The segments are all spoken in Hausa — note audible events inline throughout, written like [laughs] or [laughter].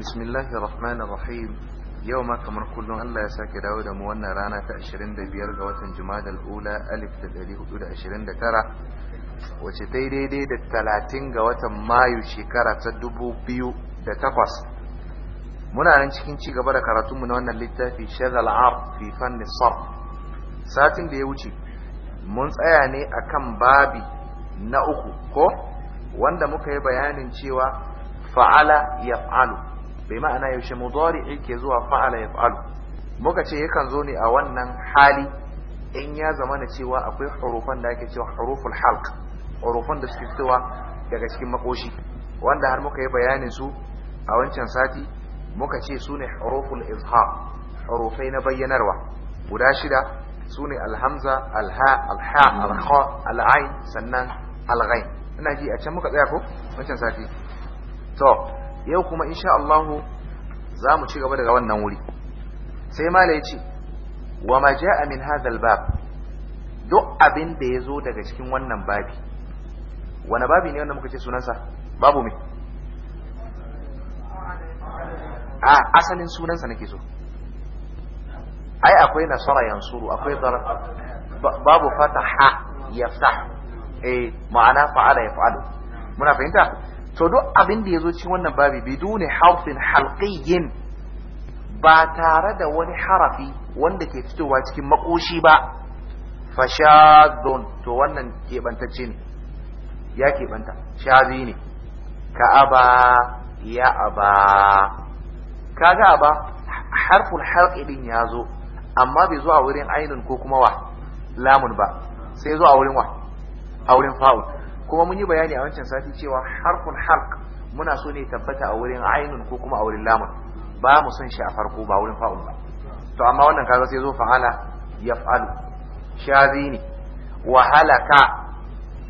bismillahi rahmanir rahim yau ma kamar kullum Allah ya sake dawo da mu wannan rana ta 25 ga watan Jumadal Ula 1429 wace daidai daidai da 30 ga watan Mayu shekara ta 2008 muna nan cikin ci gaba da karatunmu na wannan littafi shagal, Arab fi fanni satin da ya wuce mun tsaya ne akan babi na uku ko wanda muka yi bayanin cewa fa'ala yaf'alu bai ma'ana yaushe mudari yake zuwa fa'ala ya fa'alu muka ce yakan zo ne a wannan hali in ya zama na cewa akwai hurufan da ake cewa huruful halq hurufan da suke fitowa daga cikin makoshi wanda har muka yi bayanin su a wancan sati muka ce su ne huruful izhar hurufai na bayyanarwa guda shida su ne alhamza alha alha alha al'ain sannan alghain ina ji a can muka tsaya ko wancan sati to yau kuma insha Allah za mu ci gaba daga wannan wuri sai mala ya ce wa ma ja'a min hadha bab duk abin da ya zo daga cikin wannan babi wani babi ne wanda muka ce sunansa babu mai a asalin sunansa nake so ai akwai nasara yansuru akwai babu fataha yafsah eh ma'ana fa'ala yaf'alu muna fahimta to duk abin da ya zo cikin wannan babi biduni harfin halqiyin ba tare da wani harafi wanda ke fitowa cikin makoshi ba fashadun to wannan keɓantacce ne ya keɓanta shazi ne ka aba ya aba kaga aba harful halqi din ya zo amma bai zo a wurin ainun ko kuma wa lamun ba sai zo a wurin wa a wurin fa'ul kuma mun yi bayani a wancan sati cewa harfun hark muna so ne tabbata a wurin ainun ko kuma a wurin lamun ba mu son shi a farko ba wurin fa'un ba to amma wannan kaza sai zo fa'ala yaf'alu shazi ne wa halaka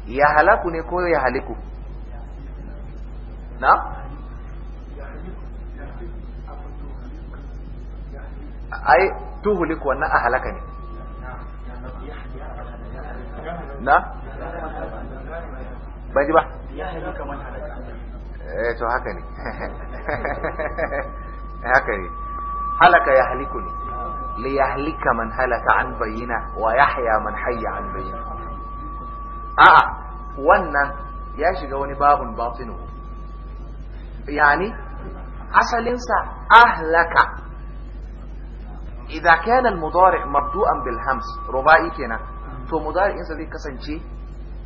ya halaku ne ko ya haliku na ai tuhuliku wannan a halaka ne na ban ji ba eh to haka ne haka ne halaka ya haliku ne li yahlika man halaka an bayyina wa yahya man hayya an bayyina a'a wannan ya shiga wani babun batinu yani asalinsa ahlaka idan kana al-mudari' mabdu'an bil hams rubai kenan to mudari'insa zai kasance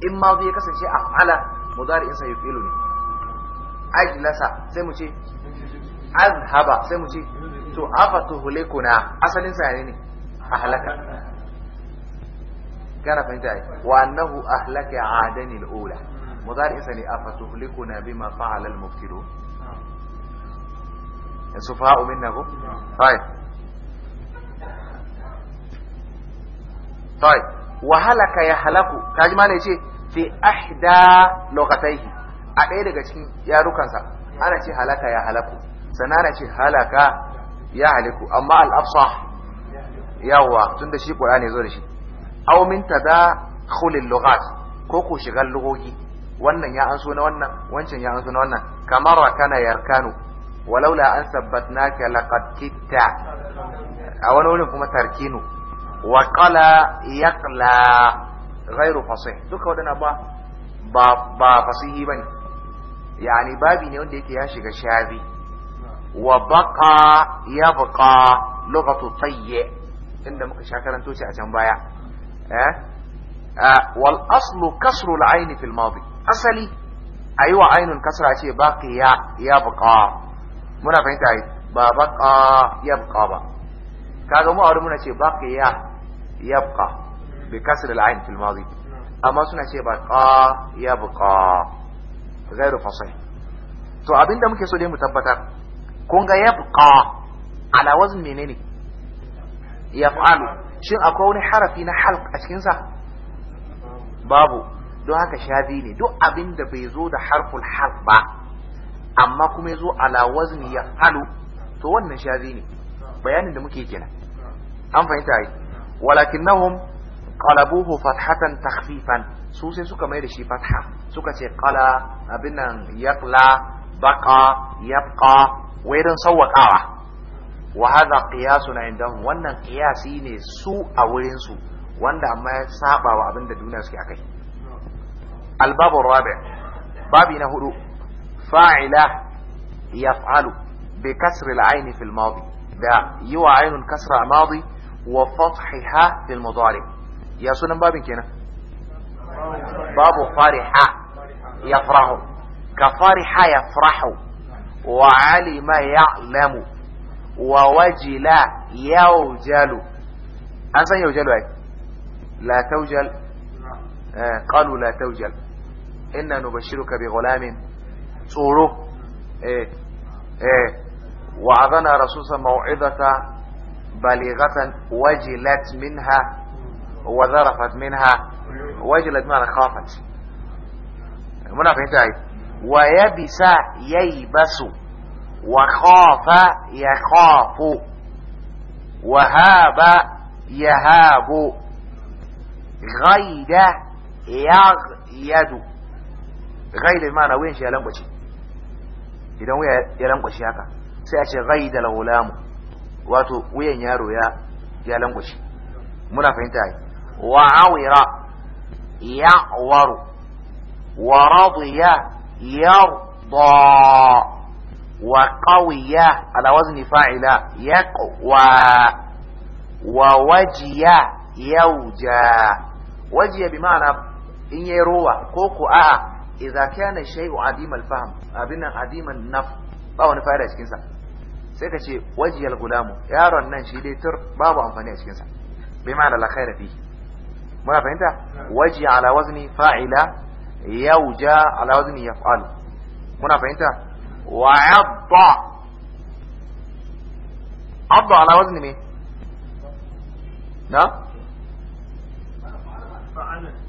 in ma zai kasance af'ala mudari'in sa yufilu ne ajlasa sai mu ce azhaba sai mu ce to afatuhlikuna asalin sa ne ahlaka kana fahimta ai wa annahu ahlaka adani al-ula mudari'in sa ne afatuhlikuna bima fa'ala al-muftilun sufaha'u ko? طيب طيب wahalaka ya halaku kaji malai ce fi ahda lokataihi a ɗaya daga cikin yarukansa ana ce halaka ya halaku sannan ana ce halaka ya haliku amma al'afsa yawwa, tun tunda shi ne zo da shi ta min tadakhulil lughat ko ko shigar lugogi wannan ya anso na wannan wancan ya anso na wannan kamar kana yarkanu walaula an sabbatnaka laqad kitta a wani wurin kuma tarkinu وقال يقلا غير فصيح دوكا ودنا با با با فصيح بني يعني بابي ني ونده يكي هاشي كشابي وبقى يبقى لغة طي عند مكشاكرا توشي عشان بايا اه والاصل كسر العين في الماضي اصلي ايوة عين كسر عشي باقي يبقى منا فهمت عيد بابقى يبقى با كاغمو اورمنا شي باقي يبقى يبقى بكسر العين في الماضي أما سنة شيء بقى يبقى غير فصيح to abin da muke so dai mu tabbatar kun ga yabqa ala wazn menene yaf'alu shin akwai wani harafi na halq a cikin sa babu don haka shazi ne duk abin da bai zo da harful halq ba amma kuma ya zo ala wazni yaf'alu to wannan ne bayanin da muke kenan an fahimta ولكنهم قلبوه فتحة تخفيفا سوسي سوكا ميري شي فتحة سوكا شي قلا أبنا يقلا بقى يبقى ويرن صوت قاوة وهذا قياس عندهم وانا قياسين سوء أولين سوء وانا ما سابع وابن دون سكي أكي الباب الرابع بابي نهدو فاعلة يفعل بكسر العين في الماضي ده يو عين كسر ماضي وفتحها للمضارع يا سنن باب كنا باب فرحة يفرح كفرح يفرح وعلم يعلم ووجل يوجل أنسى يوجل أي لا توجل آه، قالوا لا توجل إنا نبشرك بغلام صوره إيه إيه وعظنا رسوسا موعظة بالغة وجلت منها وذرفت منها وجلت منها خافت منا فهمت آية. عيد ويبس ييبس وخاف يخاف وهاب يهاب غيد يغيد غيد المعنى وين شيء لنقشي إذا waya ya هكا سيأتي غيد الغلام wato wuyan yaro ya ya langwashi muna fahimta yi. wa awira ya waru wa radiya yarda wa qawiya ala wazni fa'ila yaqwa wa wajiya yauja wajiya bi ma'ana in yayi ruwa ko ku a idza kana shay'u adimal fahm abinan adiman naf ba wani fa'ida cikin sa sai ka ce wajiyal gulamu yaron nan shi dai tur babu amfani a cikinsa bai ma'ana la khaira fi muna fahimta waji ala wazni fa'ila yauja ala wazni yaf'al muna fahimta wa adda Abba ala wazni me na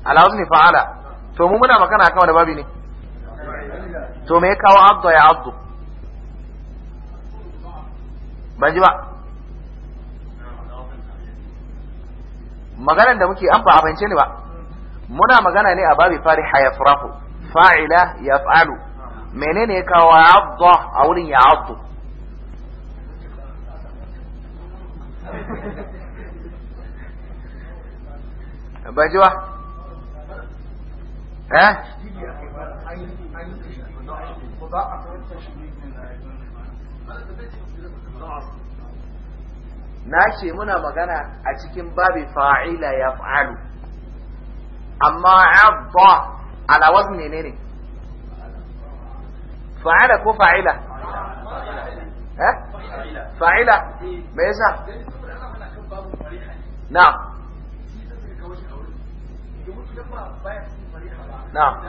ala wazni fa'ala to mu muna magana kawai da babi ne to me ya kawo adda ya addu ban ji ba maganar da muke an ba abince ne ba muna magana ne a babi fari hayafrahu fa'ila yaf'alu menene ya kawo abda a wurin ya abdu ban ji ba eh na ce muna magana a cikin babi fa'ila ya fa'alu amma abba ala wasu ne ne fa'ila ko fa'ila eh? fa'ila me yasa na نعم نعم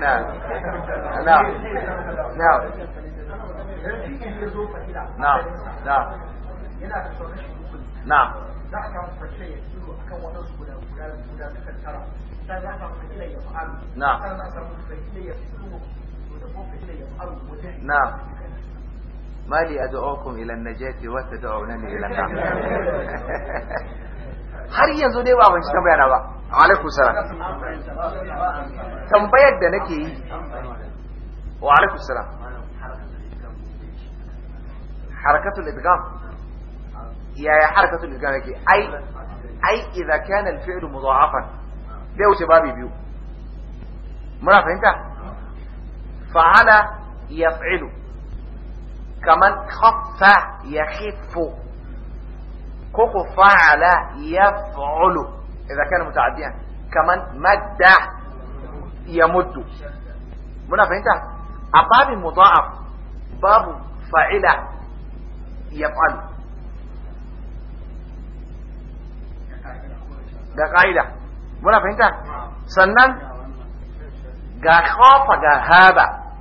نعم نعم نعم, نعم. نعم. نعم. مالي أدعوكم إلى النجاة وتدعونني إلى النعم [laughs] har yanzu dai ba fahimci tambaya na ba alaikum salam tambayar da nake yi wa alaikum salam harakatul idgham ya ya harakatul idgham yake ai ai idza kana al-fi'lu mudha'afan dai wuce babu biyu muna fahimta fa'ala yaf'ilu kaman khaffa yakhifu كوكو فعل يفعل إذا كان متعديا كمان مد يمد منا فهمت أباب مضاعف باب فعل يفعل ده قاعده منا فهمت سنن جا خاف ga خاف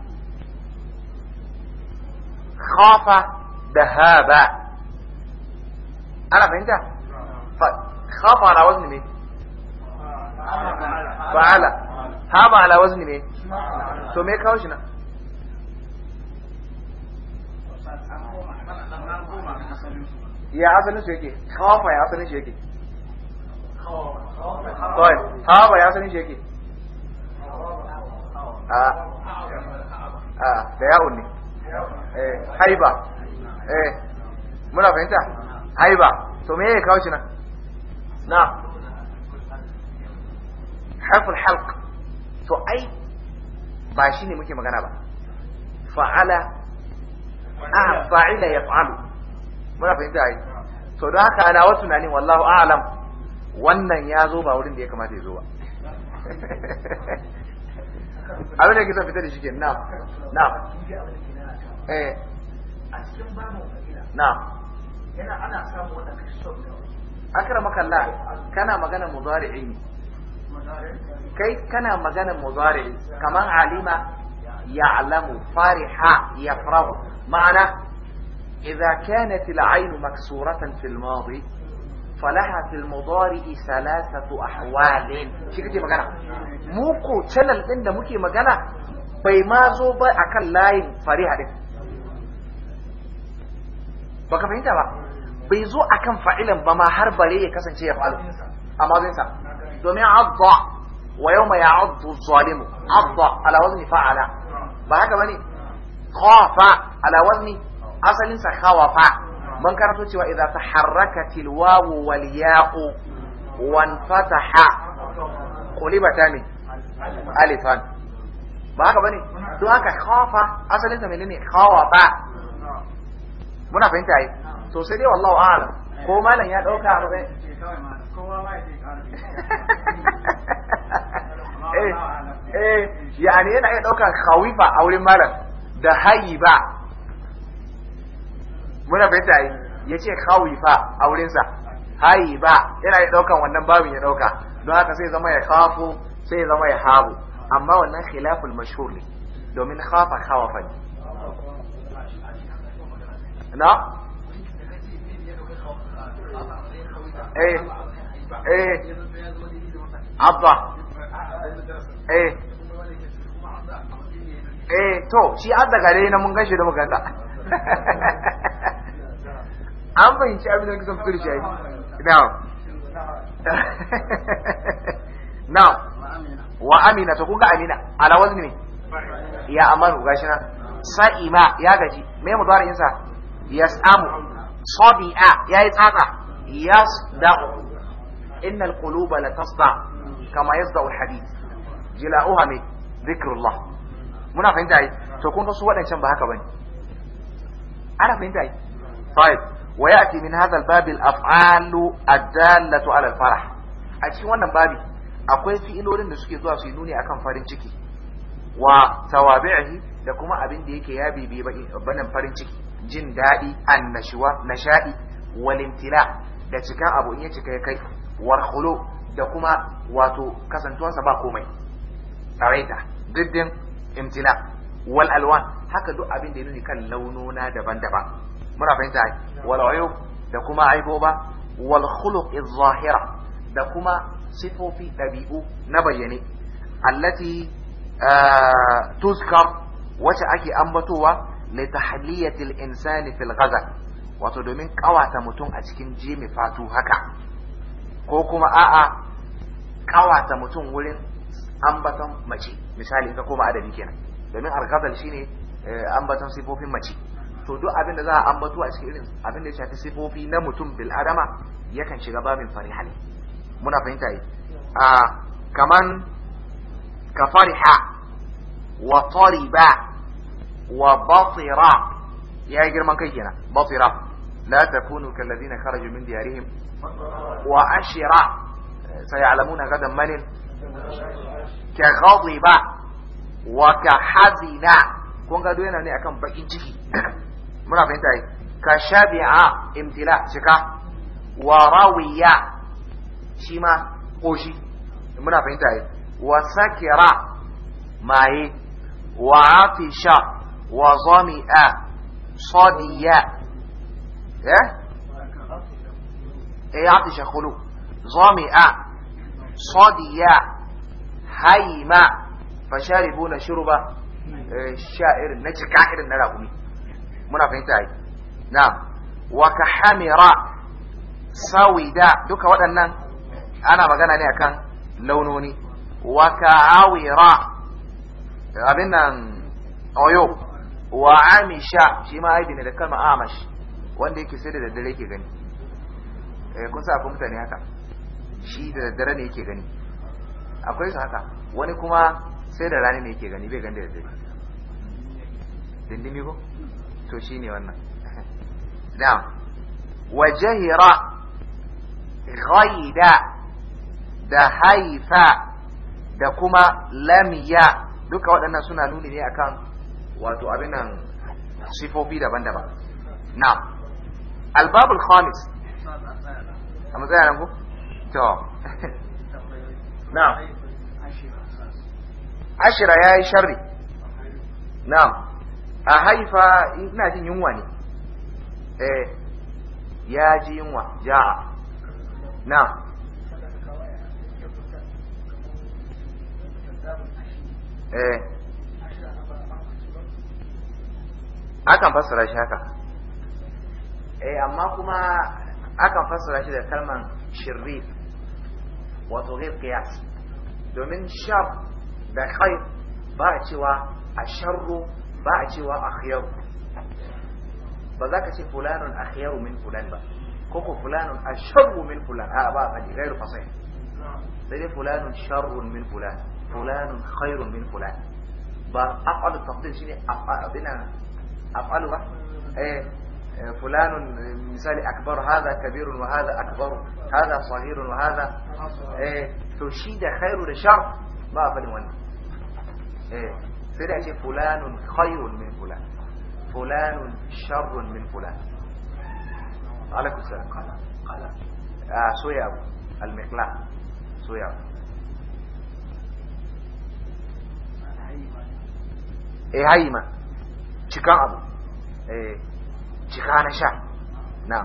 khafa ana fahimta khafa ala wazni me fa'ala hama ala wazni me to me kawo shi na ya asalin su yake khafa ya asalin shi yake طيب هذا يا سني شيكي اه A, da ya اوني eh haiba eh muna fahimta haiba to me ya kawo shi nan na harful halq to ai ba shi ne muke magana ba fa'ala a fa'ila ya fa'alu muna fahimta ai to don haka ana wasu tunanin wallahu a'lam wannan ya zo ba wurin da ya kamata ya zo ba [laughs] abin da son fita da shi ke na na eh a cikin bamu na yana ana samu kana magana mudari'i kai kana magana mudari'i kaman alima ya'lamu fariha yafrahu ma'ana إذا كانت العين مكسورة في الماضي فلها في المضارع ثلاثة أحوال شكتي مجانا موكو تشلل إن موكي مجانا ba akan layin fariha din. baka fahimta ba bai zo akan fa'ilan ba ma har bare ya kasance ya fa'alu a mazinsa domin adda wa yau mai addu zalimu adda ala wazni fa'ala ba haka bane qafa ala wazni asalin sa khawafa man karanto cewa idza taharrakatil wawu wal ya'u wan fataha qulibata ne alifan ba haka bane don haka khafa asalin sa menene khawafa muna fahimta yi to sai dai wallahu a'lam ko malam ya dauka a rubai eh, eh yani yana iya dauka khawifa a wurin malam da ba. muna fahimta yi yace khawifa a wurin sa ba. yana iya daukan wannan babin ya dauka don haka sai zama ya khafu sai zama ya habu amma wannan khilaful mashhur ne domin khafa khawafa ne na eh eh abba eh. Eh, to shi an daga mun da [laughs] an fahimci abin da kusan kuri shi now [laughs] now wa amina to kuka amina ala wazni ne ya amanu gashi na sa'ima ya gaji sa yas'amu sabi'a yayi tsatsa yasda'u innal quluba la tasda kama yasda'u alhadid jila'uha min zikrullah muna fahimta yi to kun su waɗancan ba haka bane ana fahimta yi طيب وياتي من هذا الباب الافعال الداله على الفرح a cikin wannan babi akwai fi'ilolin da suke zuwa su yi akan farin ciki wa tawabi'ihi da kuma abin da yake ya farin ciki jin daɗi annashuwa nashaɗi walintila da cikan abu in ya cika ya kai warhulo da kuma wato kasantuwarsa ba komai tsaraita diddin imtila wal alwan haka duk abin da ya nuni kan launona daban-daban muna fahimta wal da kuma aiboba wal khuluq zahira da kuma sifofi dabi'u na bayyane allati eh, tuzkar wacce ake ambatowa litahliyatil insani fil ghazal wato domin kawata mutum a cikin jimi fatu haka ko kuma a'a kawata mutum wurin ambaton mace misali ka koma adabi kenan domin al shine eh, ambaton sifofin mace to duk abin da za a ambato a cikin irin abin da ya shafi sifofi na mutum bil adama yakan shiga babin farihani muna fahimta yi a ah, kaman ka fariha wa tariba wa basira ya yi girman kai kenan basira la takunu kallazina kharaju min diyarihim wa ashira sayalamuna gadan manin ka ghadiba wa ka hazina kun ga yana ne akan bakin ciki [clears throat] muna fahimta yi ka shabi'a cika wa shi ma koshi muna fahimta yi wa sakira maye wa وظمئ صديا ايه ايه عطش خلو ظمئ صديا هيمع فشاربون شربة إيه، الشائر نتكائر النلاقمي منا فهمت نعم وكحمر سويدا دوكا waɗannan انا magana ne akan launoni وكعويرا abin nan wa amisha shi ma aibi ne da kalma amash wanda yake sai da daddare yake gani eh kun sa mutane haka shi da daddare ne yake gani akwai su haka wani kuma sai da rani ne yake gani bai gani da daddare dindimi ko to shine wannan [laughs] na'am wa jahira ghaida da haifa da kuma lamiya duka waɗannan suna nuni ne akan wato abin nan sifofi daban-daban na albabul khamis a matsayar ranku? to na ashira ya yi sharri na a haifa ina jin yunwa ne eh ya ji yunwa ja na eh akan fassara shi haka eh amma kuma akan fassara shi da kalman shirif wato ghaib qiyas domin shar da khair ba a cewa asharru ba a cewa akhyar ba za ka ce fulanun akhyaru min fulan ba ko ko fulanun asharru min fulan a ba ka ji gairu fasai sai dai fulanun sharrun min fulan fulanun khairun min fulan ba aqal tafdil shine abinan أفعله إيه،, ايه فلان مثال أكبر هذا كبير وهذا أكبر هذا صغير وهذا ايه تشيد خير لشر أفعل فلمؤنث ايه فلان خير من فلان فلان شر من فلان عليكم السلام قال قال آه سويا المقلاع سويا ايه هيمه cikan abu eh cika na sha na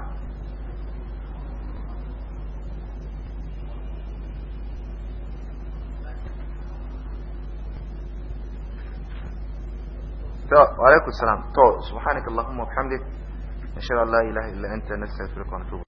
to wa alaikum salam to subhanakallahumma wa bihamdik ashhadu an la ilaha illa anta nastaghfiruka wa natubu